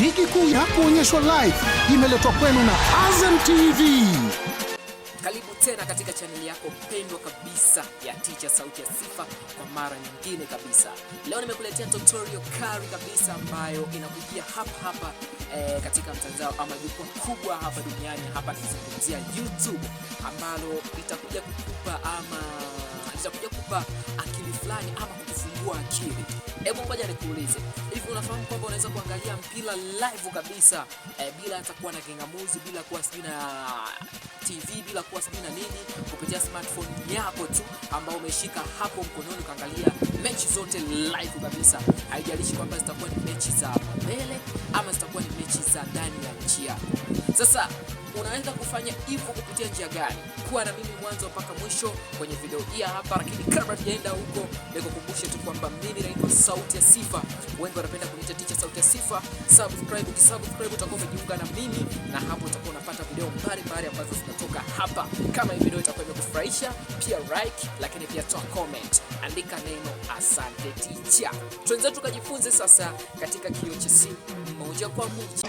ligi kuu ya kuonyeshwa live imeletwa kwenu na Azam TV. Karibu tena katika chaneli yako pendwa kabisa ya Ticha Sauti ya Sifa kwa mara nyingine kabisa. Leo nimekuletea tutorial kali kabisa ambayo inakujia hapa hapa eh, katika mtandao ama jukwaa kubwa hapa duniani hapa, nikizungumzia YouTube ambalo itakuja kukupa ama za kuja kupa akili fulani ama kukufungua akili. Hebu ngoja nikuulize, hivi unafahamu kwamba unaweza kuangalia mpira live kabisa e, bila hata kuwa na kingamuzi, bila kuwa sijui na TV, bila kuwa sijui na nini, kupitia smartphone yako tu ambao umeshika hapo mkononi, ukaangalia mechi zote live kabisa, haijalishi kwamba zitakuwa ni mechi za mbele ama zitakuwa ni mechi za ndani ya nchi yako. Sasa unaweza kufanya hivyo kupitia njia gani? Kuwa na mimi mwanzo mpaka mwisho kwenye video hii hapa, lakini kabla tujaenda huko, nikukumbushe tu kwamba mimi naitwa Sauti ya Sifa, wengi wanapenda kuniita Teacher Sauti ya Sifa. Subscribe, ukisubscribe utakuwa umejiunga na mimi, na hapo utakuwa unapata video mbalimbali ambazo zinatoka hapa. Kama hii video itakuwa imekufurahisha, pia like, lakini pia toa comment, andika neno asante teacher. Tuenzetu tukajifunze sasa katika kioo cha simu moja kwa moja.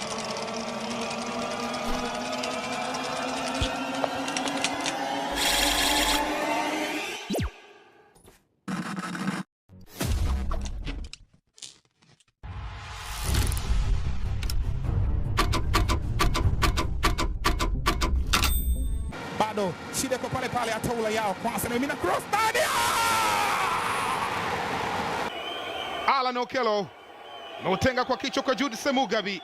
bado shida iko pale pale, ula yao kwasa na mina cross ndani. Ah! Alan Okello nautenga kwa kichwa kwa Jude Semugabi.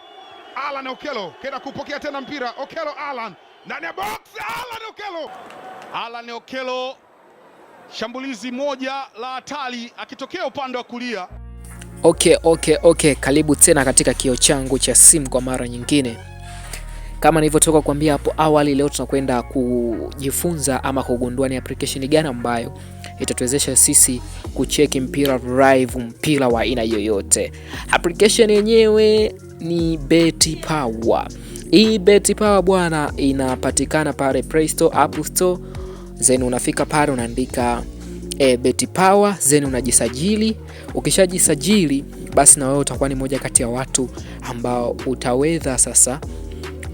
Alan Okello kenda kupokea tena mpira. Okello Alan ndani ya box. Alan Okello, Alan Okello, shambulizi moja la hatari akitokea upande wa kulia. Okay, okay, okay, karibu tena katika kio changu cha simu kwa mara nyingine. Kama nilivyotoka kuambia hapo awali, leo tunakwenda kujifunza ama kugundua ni application gani ambayo itatuwezesha sisi kucheki mpira live, mpira wa aina yoyote. Application yenyewe ni Beti Power. Hii Beti Power bwana, inapatikana pale Play Store, App Store, Zeni unafika pale unaandika E, eh, Beti Power zeni unajisajili. Ukishajisajili basi na wewe utakuwa ni moja kati ya watu ambao utaweza sasa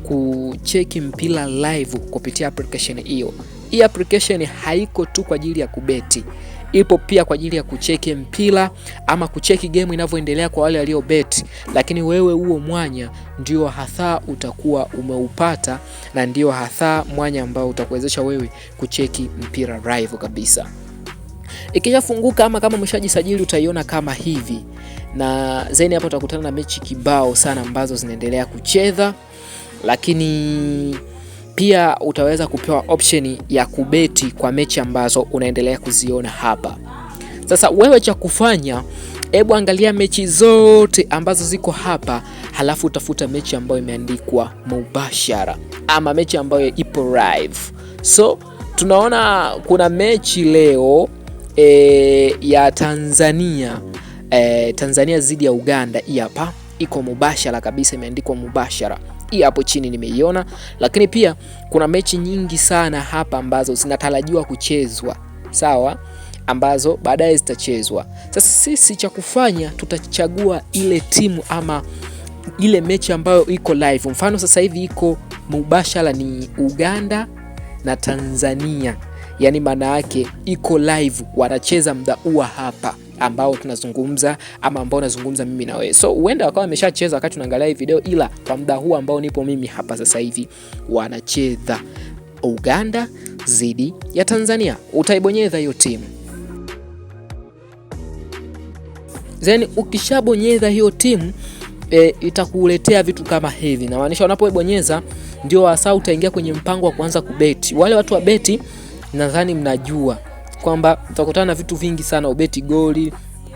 kucheki mpira live kupitia application hiyo. Hii application haiko tu kwa ajili ya kubeti, ipo pia kwa ajili ya kucheki mpira ama kucheki game inavyoendelea kwa wale waliobeti, lakini wewe huo mwanya ndio hasa utakuwa umeupata, na ndio hasa mwanya ambao utakuwezesha wewe kucheki mpira live kabisa. Ikishafunguka ama kama umeshajisajili utaiona kama hivi, na zaidi hapo utakutana na mechi kibao sana ambazo zinaendelea kucheza lakini pia utaweza kupewa option ya kubeti kwa mechi ambazo unaendelea kuziona hapa. Sasa wewe cha kufanya, hebu angalia mechi zote ambazo ziko hapa, halafu utafuta mechi ambayo imeandikwa mubashara ama mechi ambayo ipo live. So tunaona kuna mechi leo e, ya Tanzania e, Tanzania dhidi ya Uganda hapa iko mubashara kabisa, imeandikwa mubashara hii hapo chini nimeiona, lakini pia kuna mechi nyingi sana hapa ambazo zinatarajiwa kuchezwa, sawa, ambazo baadaye zitachezwa. Sasa sisi cha kufanya, tutachagua ile timu ama ile mechi ambayo iko live. Mfano sasa hivi iko mubashara ni Uganda na Tanzania, yaani maana yake iko live, wanacheza muda huo hapa ambao tunazungumza ama ambao nazungumza mimi na wewe. So huenda wakawa wameshacheza wakati tunaangalia hii video, ila kwa muda huu ambao nipo mimi hapa sasa hivi wanacheza Uganda dhidi ya Tanzania. Utaibonyeza hiyo timu then ukishabonyeza hiyo timu e, itakuletea vitu kama hivi. Namaanisha unapobonyeza ndio hasa utaingia kwenye mpango wa kuanza kubeti. Wale watu wa beti nadhani mnajua kwamba utakutana na vitu vingi sana, ubeti goli,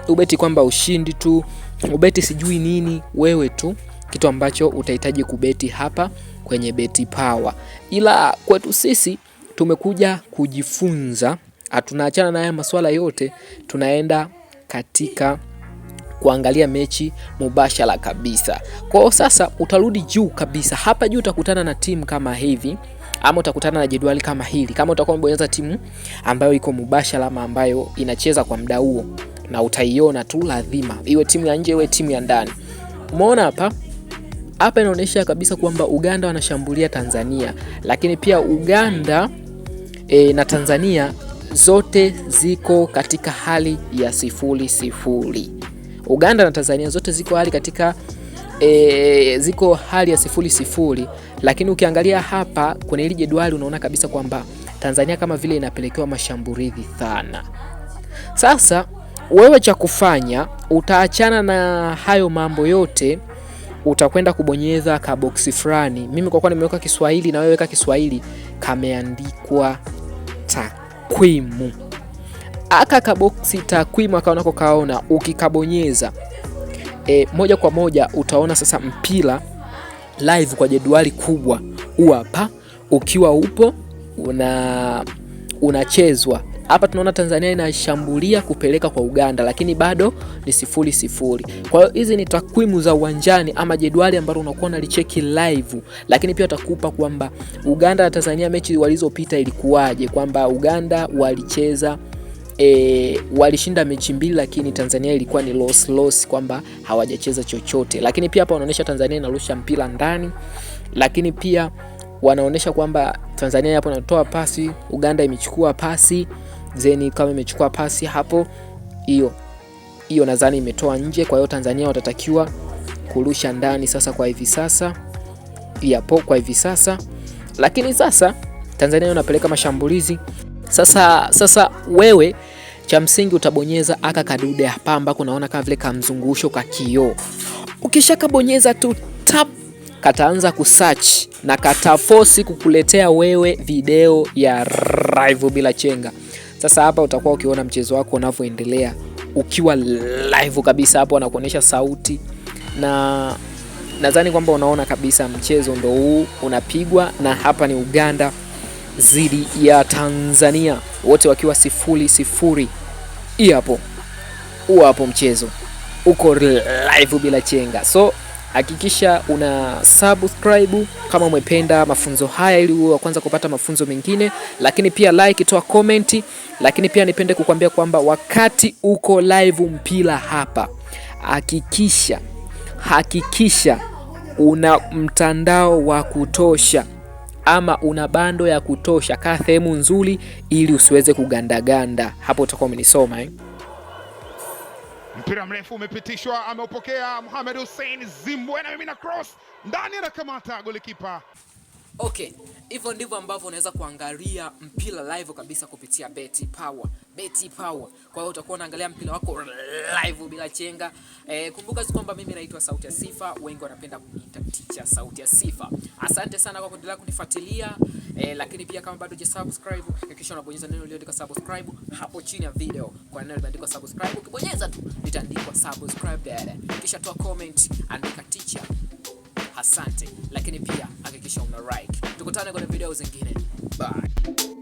ubeti kwamba ushindi tu, ubeti sijui nini, wewe tu kitu ambacho utahitaji kubeti hapa kwenye Beti Power. Ila kwetu sisi tumekuja kujifunza, hatunaachana na haya masuala yote, tunaenda katika kuangalia mechi mubashara kabisa. Kwa sasa utarudi juu kabisa, hapa juu utakutana na timu kama hivi ama utakutana na jedwali kama hili, kama utakuwa umebonyeza timu ambayo iko mubashara ama ambayo inacheza kwa muda huo, na utaiona tu lazima, iwe timu ya nje iwe timu ya ndani. Umeona hapa hapa inaonyesha kabisa kwamba Uganda wanashambulia Tanzania, lakini pia Uganda e, na Tanzania zote ziko katika hali ya sifuri sifuri. Uganda na Tanzania zote ziko hali katika e, ziko hali ya sifuri sifuri, lakini ukiangalia hapa kwenye hili jedwali unaona kabisa kwamba Tanzania kama vile inapelekewa mashambulizi sana. Sasa wewe cha kufanya utaachana na hayo mambo yote, utakwenda kubonyeza kaboksi fulani. Mimi kwa kuwa nimeweka Kiswahili na wewe weka Kiswahili, kameandikwa takwimu. Aka kaboksi takwimu, akaona kaona, ukikabonyeza e, moja kwa moja utaona sasa mpira live kwa jedwali kubwa huwa hapa ukiwa upo una unachezwa hapa. Tunaona Tanzania inashambulia kupeleka kwa Uganda, lakini bado ni sifuri sifuri. Kwa hiyo hizi ni takwimu za uwanjani ama jedwali ambalo unakuwa unalicheki live, lakini pia utakupa kwamba Uganda na Tanzania mechi walizopita ilikuwaje, kwamba Uganda walicheza e, walishinda mechi mbili, lakini Tanzania ilikuwa ni loss loss, kwamba hawajacheza chochote. Lakini pia hapa wanaonyesha Tanzania inarusha mpira ndani, lakini pia wanaonyesha kwamba Tanzania hapo inatoa pasi, Uganda imechukua pasi zeni, kama imechukua pasi hapo, hiyo hiyo nadhani imetoa nje. Kwa hiyo Tanzania watatakiwa kurusha ndani sasa, kwa hivi sasa yapo, kwa hivi sasa lakini sasa Tanzania inapeleka mashambulizi sasa. Sasa wewe cha msingi utabonyeza aka kadude hapa ambako unaona kama vile kamzungusho ka kioo. Ukishakabonyeza tu tap, kataanza kusearch na katafosi kukuletea wewe video ya live bila chenga. Sasa hapa utakuwa ukiona mchezo wako unavyoendelea ukiwa live kabisa, hapo anakuonyesha sauti na nadhani kwamba unaona kabisa mchezo ndo huu unapigwa, na hapa ni Uganda dhidi ya Tanzania, wote wakiwa sifuri sifuri. Hii hapo hapo, mchezo uko live bila chenga, so hakikisha una subscribe kama umependa mafunzo haya, ili uwe wa kwanza kupata mafunzo mengine, lakini pia like, toa comment. Lakini pia nipende kukwambia kwamba wakati uko live mpira hapa, hakikisha hakikisha una mtandao wa kutosha ama una bando ya kutosha, kaa sehemu nzuri ili usiweze kugandaganda. Hapo utakuwa umenisoma eh? Mpira mrefu umepitishwa, ameupokea Mohamed Hussein Zimbwe na mimi na cross ndani, anakamata golikipa. Okay hivyo ndivyo ambavyo unaweza kuangalia mpira live kabisa kupitia Beti Power. Beti Power. Kwa hiyo utakuwa unaangalia mpira wako live bila chenga. E, kumbuka kwamba mimi naitwa Sauti ya Sifa, wengi wanapenda kuniita Teacher Sauti ya Sifa. Asante sana kwa kuendelea kunifuatilia. E, lakini pia kama bado hujasubscribe, hakikisha unabonyeza neno lililoandikwa subscribe hapo chini ya video. Kwa neno limeandikwa subscribe, ukibonyeza tu litaandikwa subscribe. there. Kisha toa comment, andika Teacher asante, lakini pia hakikisha ume like. Tukutane kwenye video zingine, bye.